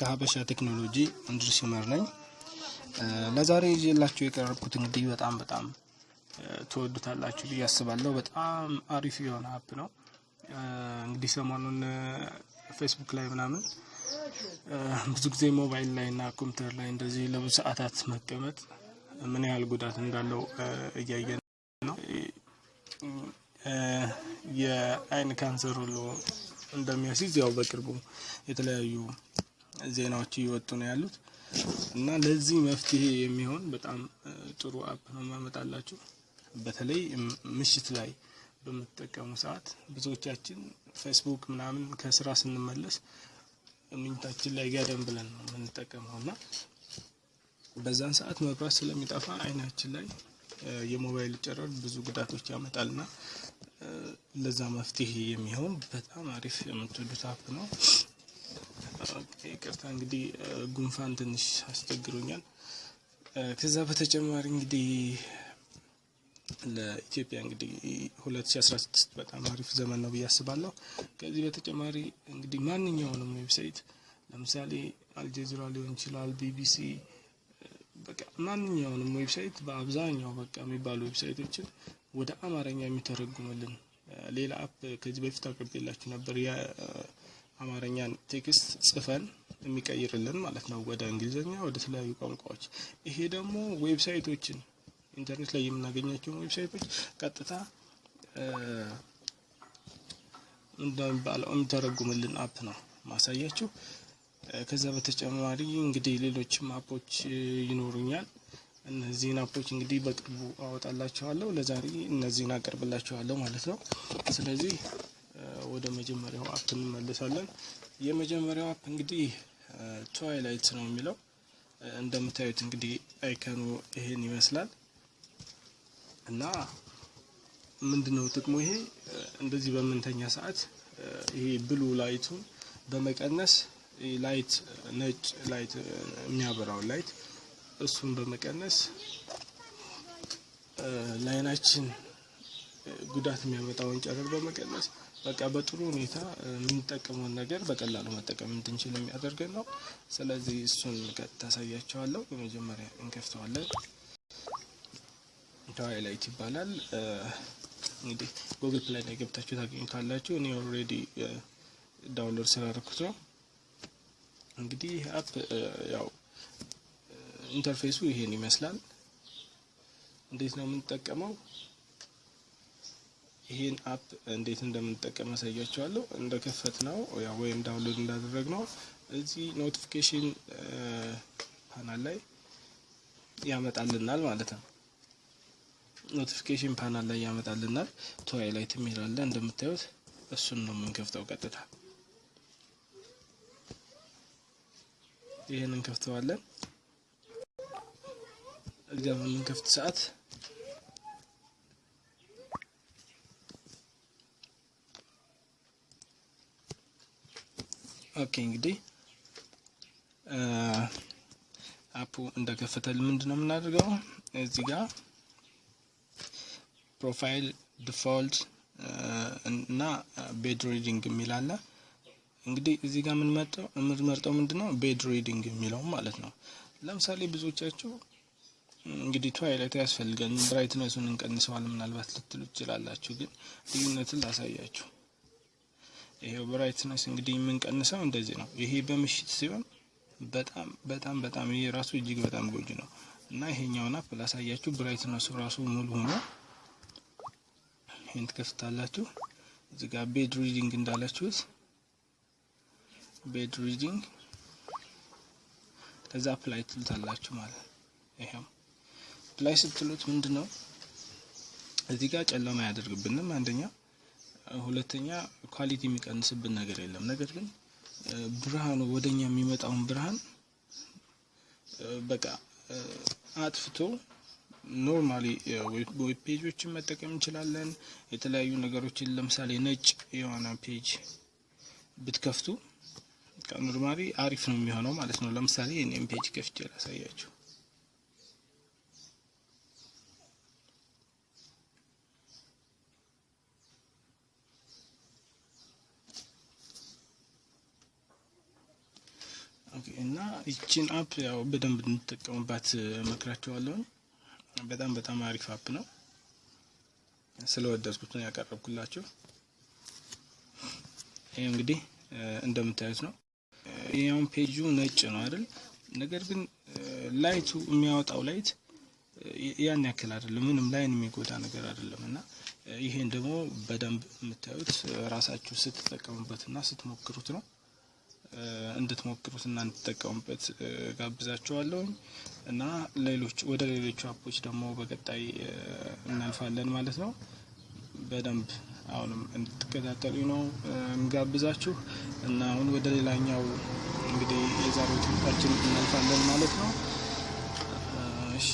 ከሀበሻ ቴክኖሎጂ እንድሪስ ይመር ነኝ። ለዛሬ ይዤላችሁ የቀረብኩት እንግዲህ በጣም በጣም ትወዱታላችሁ ብዬ አስባለሁ። በጣም አሪፍ የሆነ አፕ ነው። እንግዲህ ሰሞኑን ፌስቡክ ላይ ምናምን ብዙ ጊዜ ሞባይል ላይ እና ኮምፒውተር ላይ እንደዚህ ለብዙ ሰዓታት መቀመጥ ምን ያህል ጉዳት እንዳለው እያየ ነው። የአይን ካንሰር ሁሉ እንደሚያስይዝ ያው በቅርቡ የተለያዩ ዜናዎች እየወጡ ነው ያሉት እና ለዚህ መፍትሄ የሚሆን በጣም ጥሩ አፕ ነው ማመጣላችሁ። በተለይ ምሽት ላይ በምትጠቀሙ ሰዓት ብዙዎቻችን ፌስቡክ ምናምን ከስራ ስንመለስ ምኝታችን ላይ ጋደም ብለን ነው የምንጠቀመው እና በዛን ሰዓት መብራት ስለሚጠፋ አይናችን ላይ የሞባይል ጨረር ብዙ ጉዳቶች ያመጣልና ለዛ መፍትሄ የሚሆን በጣም አሪፍ የምትወዱት አፕ ነው። ይቅርታ እንግዲህ ጉንፋን ትንሽ አስቸግሮኛል። ከዛ በተጨማሪ እንግዲህ ለኢትዮጵያ እንግዲህ 2016 በጣም አሪፍ ዘመን ነው ብዬ አስባለሁ። ከዚህ በተጨማሪ እንግዲህ ማንኛውንም ዌብሳይት ለምሳሌ አልጀዚራ ሊሆን ይችላል፣ ቢቢሲ በቃ ማንኛውንም ዌብሳይት በአብዛኛው በቃ የሚባሉ ዌብሳይቶችን ወደ አማርኛ የሚተረጉምልን ሌላ አፕ ከዚህ በፊት አቅርቤላችሁ ነበር። የአማርኛን ቴክስት ጽፈን የሚቀይርልን ማለት ነው ወደ እንግሊዝኛ፣ ወደ ተለያዩ ቋንቋዎች። ይሄ ደግሞ ዌብሳይቶችን ኢንተርኔት ላይ የምናገኛቸውን ዌብሳይቶች ቀጥታ እንደሚባለው የሚተረጉምልን አፕ ነው ማሳያችሁ። ከዛ በተጨማሪ እንግዲህ ሌሎችም አፖች ይኖሩኛል። እነዚህን አፖች እንግዲህ በቅርቡ አወጣላችኋለሁ። ለዛሬ እነዚህን አቀርብላችኋለሁ ማለት ነው። ስለዚህ ወደ መጀመሪያው አፕ እንመለሳለን። የመጀመሪያው አፕ እንግዲህ ትዋይላይት ነው የሚለው እንደምታዩት እንግዲህ አይከኑ ይሄን ይመስላል እና ምንድነው ጥቅሙ? ይሄ እንደዚህ በምንተኛ ሰዓት ይሄ ብሉ ላይቱን በመቀነስ ላይት ነጭ ላይት የሚያበራው ላይት እሱን በመቀነስ ለአይናችን ጉዳት የሚያመጣውን ጨረር በመቀነስ በቃ በጥሩ ሁኔታ የምንጠቀመውን ነገር በቀላሉ መጠቀም እንድንችል የሚያደርገን ነው። ስለዚህ እሱን ቀጥታ አሳያቸዋለሁ። በመጀመሪያ እንከፍተዋለን። ዳይላይት ይባላል። እንግዲህ ጉግል ፕላይ ላይ ገብታችሁ ታገኙታላችሁ። እኔ ኦልሬዲ ዳውንሎድ ስላደረኩት ነው። እንግዲህ አፕ ያው ኢንተርፌሱ ይሄን ይመስላል። እንዴት ነው የምንጠቀመው? ይሄን አፕ እንዴት እንደምንጠቀም አሳያችኋለሁ። እንደ ከፈት ነው ወይም ዳውንሎድ እንዳደረግ ነው እዚህ ኖቲፊኬሽን ፓናል ላይ ያመጣልናል ማለት ነው። ኖቲፊኬሽን ፓናል ላይ ያመጣልናል። ትዋይላይት የሚላለ እንደምታዩት እሱን ነው የምንከፍተው ቀጥታ ይህን እንከፍተዋለን። እዚያ በምንከፍት ሰዓት ኦኬ እንግዲህ አፑ እንደከፈተልን ምንድን ነው የምናደርገው? እዚህ ጋር ፕሮፋይል ዲፎልት እና ቤድ ሪዲንግ የሚል አለ። እንግዲህ እዚህ ጋር የምንመርጠው ምንድን ነው? ቤድ ሪዲንግ የሚለው ማለት ነው። ለምሳሌ ብዙዎቻችሁ እንግዲህ ትዋይላይቱ ያስፈልገን ብራይትነሱን እንቀንሰዋል ምናልባት ልትሉ ትችላላችሁ፣ ግን ልዩነትን ላሳያችሁ። ይሄው ብራይትነስ እንግዲህ የምንቀንሰው እንደዚህ ነው። ይሄ በምሽት ሲሆን በጣም በጣም በጣም ይሄ ራሱ እጅግ በጣም ጎጅ ነው እና ይሄኛውን አፕ ላሳያችሁ። ብራይትነሱ ራሱ ሙሉ ሆኖ ይህን ትከፍታላችሁ። እዚህ ጋር ቤድ ሪዲንግ እንዳላችሁት ቤድ ሪዲንግ ከዛ አፕላይ ትሉታላችሁ ማለት ነው። ይሄው ላይ ስትሉት ምንድን ነው እዚህ ጋር ጨለማ ያደርግብንም አንደኛ። ሁለተኛ ኳሊቲ የሚቀንስብን ነገር የለም። ነገር ግን ብርሃኑ ወደኛ የሚመጣውን ብርሃን በቃ አጥፍቶ ኖርማሊ ዌብ ፔጆችን መጠቀም እንችላለን። የተለያዩ ነገሮችን ለምሳሌ ነጭ የሆነ ፔጅ ብትከፍቱ ኖርማሊ አሪፍ ነው የሚሆነው ማለት ነው። ለምሳሌ ፔጅ ከፍቼ ላሳያችሁ። እና ይችን አፕ ያው በደንብ እንጠቀሙባት መክራቸዋለሁ። በጣም በጣም አሪፍ አፕ ነው። ስለወደድኩት ነው ያቀረብኩላችሁ። ይህ እንግዲህ እንደምታዩት ነው። ይህም ፔጁ ነጭ ነው አይደል? ነገር ግን ላይቱ የሚያወጣው ላይት ያን ያክል አይደለም። ምንም ላይን የሚጎዳ ነገር አይደለም እና ይሄን ደግሞ በደንብ የምታዩት ራሳችሁ ስትጠቀሙበትና ስትሞክሩት ነው። እንድትሞክሩት እና እንድትጠቀሙበት ጋብዛችኋለሁኝ እና ሌሎች ወደ ሌሎቹ አፖች ደግሞ በቀጣይ እናልፋለን ማለት ነው። በደንብ አሁንም እንድትከታተሉ ነው እንጋብዛችሁ እና አሁን ወደ ሌላኛው እንግዲህ የዛሬው ትምህርታችን እናልፋለን ማለት ነው። እሺ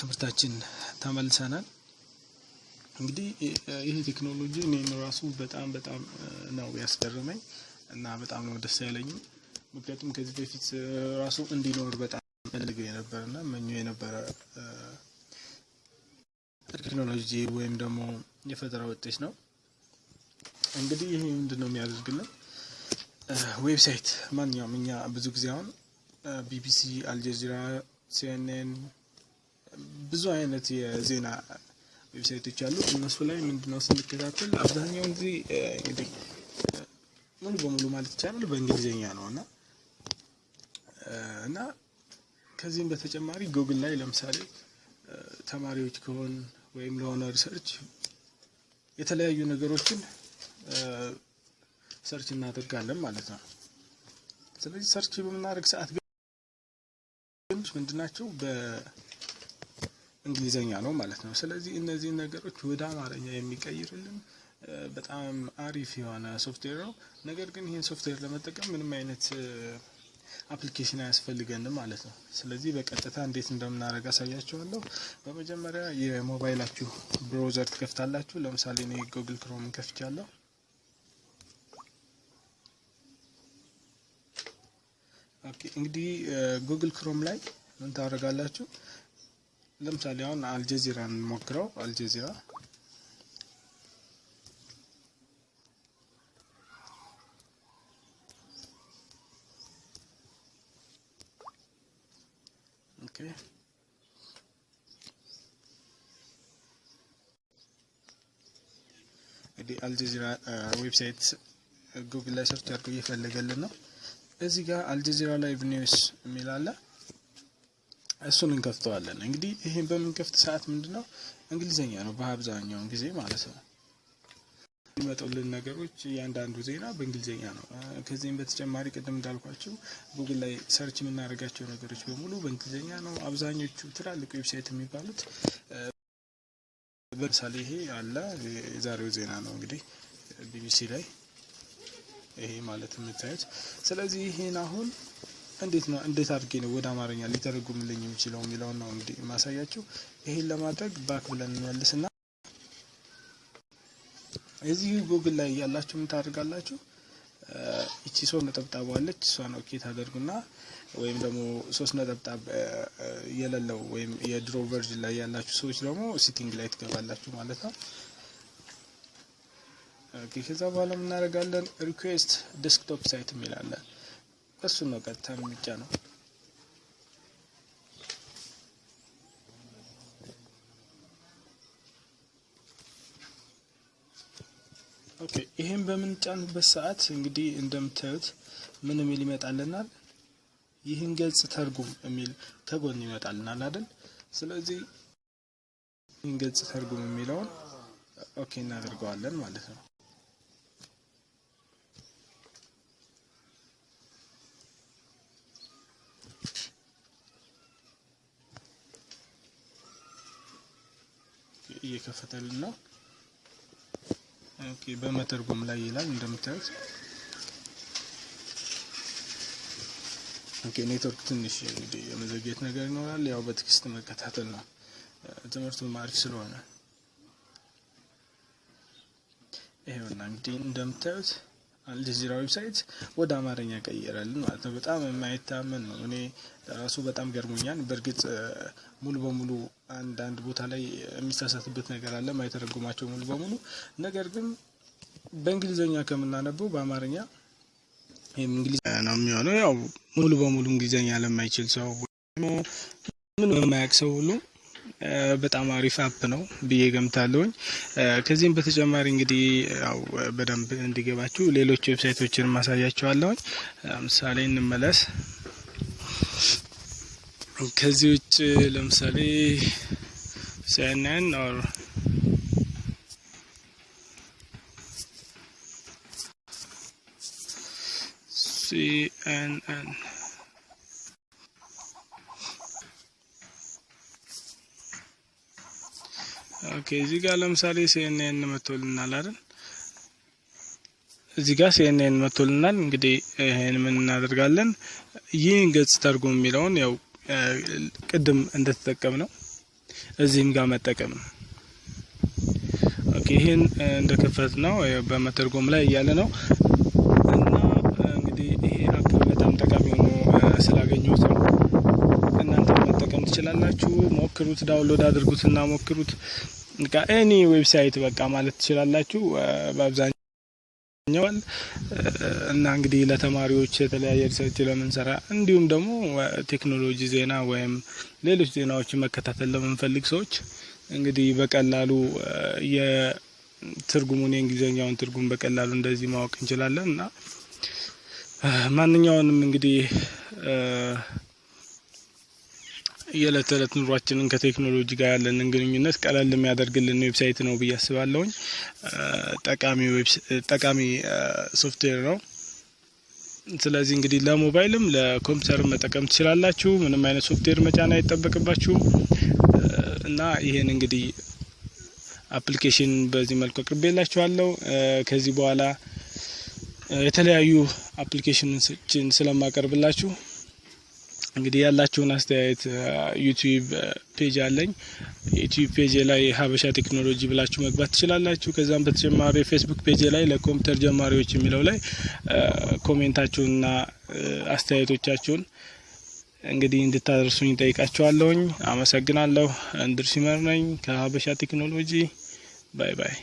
ትምህርታችን ተመልሰናል። እንግዲህ ይሄ ቴክኖሎጂ እኔም ራሱ በጣም በጣም ነው ያስገረመኝ እና በጣም ነው ደስ ያለኝ። ምክንያቱም ከዚህ በፊት ራሱ እንዲኖር በጣም ፈልገው የነበረ እና መኞ የነበረ ቴክኖሎጂ ወይም ደግሞ የፈጠራ ውጤት ነው። እንግዲህ ይህ ምንድን ነው የሚያደርግልን? ዌብሳይት ማንኛውም እኛ ብዙ ጊዜ አሁን ቢቢሲ፣ አልጀዚራ፣ ሲኤንኤን ብዙ አይነት የዜና ዌብሳይቶች አሉ። እነሱ ላይ ምንድነው ስንከታተል አብዛኛውን ጊዜ እንግዲህ ሙሉ በሙሉ ማለት ይቻላል በእንግሊዝኛ ነው እና እና ከዚህም በተጨማሪ ጉግል ላይ ለምሳሌ ተማሪዎች ከሆን ወይም ለሆነ ሪሰርች የተለያዩ ነገሮችን ሰርች እናደርጋለን ማለት ነው። ስለዚህ ሰርች በምናደርግ ሰዓት ግን ምንድናቸው በ እንግሊዘኛ ነው ማለት ነው። ስለዚህ እነዚህን ነገሮች ወደ አማርኛ የሚቀይርልን በጣም አሪፍ የሆነ ሶፍትዌር ነው። ነገር ግን ይህን ሶፍትዌር ለመጠቀም ምንም አይነት አፕሊኬሽን አያስፈልገንም ማለት ነው። ስለዚህ በቀጥታ እንዴት እንደምናደርግ አሳያችኋለሁ። በመጀመሪያ የሞባይላችሁ ብሮዘር ትከፍታላችሁ። ለምሳሌ እኔ ጉግል ክሮምን ከፍቻለሁ። እንግዲህ ጉግል ክሮም ላይ ምን ታደርጋላችሁ? ለምሳሌ አሁን አልጀዚራን ሞክረው። አልጀዚራ እንግዲህ አልጀዚራ ዌብሳይት ጉግል ላይ ሰርች አድርጎ እየፈለገልን ነው። እዚህ ጋር አልጀዚራ ላይቭ ኒውስ የሚል አለ። እሱን እንከፍተዋለን። እንግዲህ ይሄን በምንከፍት ሰዓት ምንድነው እንግሊዘኛ ነው በአብዛኛውን ጊዜ ማለት ነው። የሚመጡልን ነገሮች እያንዳንዱ ዜና በእንግሊዝኛ ነው። ከዚህም በተጨማሪ ቅድም እንዳልኳቸው ጉግል ላይ ሰርች የምናደርጋቸው ነገሮች በሙሉ በእንግሊዝኛ ነው። አብዛኞቹ ትላልቅ ዌብሳይት የሚባሉት ለምሳሌ ይሄ አለ፣ የዛሬው ዜና ነው እንግዲህ ቢቢሲ ላይ ይሄ ማለት የምታዩት። ስለዚህ ይሄን አሁን እንዴት ነው እንዴት አድርጌ ነው ወደ አማርኛ ሊተረጉምልኝ የሚችለው የሚለውን ነው እንግዲህ ማሳያችሁ። ይሄን ለማድረግ ባክ ብለን እንመልስና እዚህ ጉግል ላይ እያላችሁ ምን ታደርጋላችሁ? እቺ ሶስት ነጠብጣብ አለች። እሷን ኦኬ ታደርጉና ወይም ደግሞ ሶስት ነጠብጣብ የሌለው ወይም የድሮ ቨርዥን ላይ ያላችሁ ሰዎች ደግሞ ሲቲንግ ላይ ትገባላችሁ ማለት ነው። ከዛ በኋላ የምናደርጋለን ሪኩዌስት ዴስክቶፕ ሳይት የሚላለን እሱ ነው ቀጥታ የሚጫ ነው። ኦኬ ይሄን በምንጫንበት ሰዓት እንግዲህ እንደምታዩት ምን የሚል ይመጣልናል? ይህን ገጽ ተርጉም የሚል ተጎን ይመጣልናል አይደል? ስለዚህ ይህን ገጽ ተርጉም የሚለውን ኦኬ እናደርገዋለን ማለት ነው። እየከፈተልን ነው። ኦኬ በመተርጎም ላይ ይላል እንደምታዩት። ኦኬ ኔትወርክ ትንሽ እንግዲህ የመዘግየት ነገር ይኖራል። ያው በትክስት መከታተል ነው። ትምህርቱ ማርክ ስለሆነ ይሄውና እንግዲህ እንደምታዩት አልጀዚራ ዌብሳይት ወደ አማርኛ ቀየረልን ማለት ነው። በጣም የማይታመን ነው። እኔ ራሱ በጣም ገርሞኛል። በእርግጥ ሙሉ በሙሉ አንዳንድ ቦታ ላይ የሚሳሳትበት ነገር አለ፣ ማይተረጉማቸው ሙሉ በሙሉ ነገር ግን በእንግሊዝኛ ከምናነበው በአማርኛ ይህም እንግሊዝ ነው የሚሆነው። ያው ሙሉ በሙሉ እንግሊዝኛ ለማይችል ሰው ምን የማያውቅ ሰው ሁሉ በጣም አሪፍ አፕ ነው ብዬ ገምታለሁኝ። ከዚህም በተጨማሪ እንግዲህ ያው በደንብ እንዲገባችሁ ሌሎች ዌብሳይቶችን ማሳያቸዋለሁኝ። ምሳሌ እንመለስ። ከዚህ ውጭ ለምሳሌ ሲያናን ኦር ሲኤንኤን ኦኬ፣ እዚህ ጋር ለምሳሌ ሲኤንኤን መቶልናል አይደል? እዚህ ጋር ሲኤንኤን መቶልናል። እንግዲህ ይህን ምን እናደርጋለን? ይህን ገጽ ተርጉም የሚለውን ያው ቅድም እንደተጠቀም ነው እዚህም ጋር መጠቀም ነው። ይህን እንደከፈት ነው በመተርጎም ላይ እያለ ነው እና እንግዲህ ይሄ አካል በጣም ጠቃሚ ሆኖ ስላገኘሁት ነው። እናንተ መጠቀም ትችላላችሁ። ሞክሩት፣ ዳውንሎድ አድርጉት እና ሞክሩት። በቃ ኤኒ ዌብሳይት በቃ ማለት ትችላላችሁ በአብዛኛው ኛዋል እና እንግዲህ ለተማሪዎች የተለያየ ሪሰርች ለምንሰራ እንዲሁም ደግሞ ቴክኖሎጂ ዜና ወይም ሌሎች ዜናዎችን መከታተል ለምንፈልግ ሰዎች እንግዲህ በቀላሉ የትርጉሙን የእንግሊዝኛውን ትርጉም በቀላሉ እንደዚህ ማወቅ እንችላለን እና ማንኛውንም እንግዲህ የዕለት ተዕለት ኑሯችንን ከቴክኖሎጂ ጋር ያለንን ግንኙነት ቀለል የሚያደርግልን ዌብሳይት ነው ብዬ አስባለሁኝ። ጠቃሚ ሶፍትዌር ነው። ስለዚህ እንግዲህ ለሞባይልም ለኮምፒውተርም መጠቀም ትችላላችሁ። ምንም አይነት ሶፍትዌር መጫን አይጠበቅባችሁም እና ይሄን እንግዲህ አፕሊኬሽን በዚህ መልኩ አቅርቤላችኋለሁ። ከዚህ በኋላ የተለያዩ አፕሊኬሽኖችን ስለማቀርብላችሁ እንግዲህ ያላችሁን አስተያየት ዩቲዩብ ፔጅ አለኝ። ዩቲዩብ ፔጅ ላይ ሀበሻ ቴክኖሎጂ ብላችሁ መግባት ትችላላችሁ። ከዛም በተጨማሪ ፌስቡክ ፔጅ ላይ ለኮምፒውተር ጀማሪዎች የሚለው ላይ ኮሜንታችሁንና አስተያየቶቻችሁን እንግዲህ እንድታደርሱኝ ጠይቃችኋለሁኝ። አመሰግናለሁ። እንድር ሲመር ነኝ ከሀበሻ ቴክኖሎጂ። ባይ ባይ።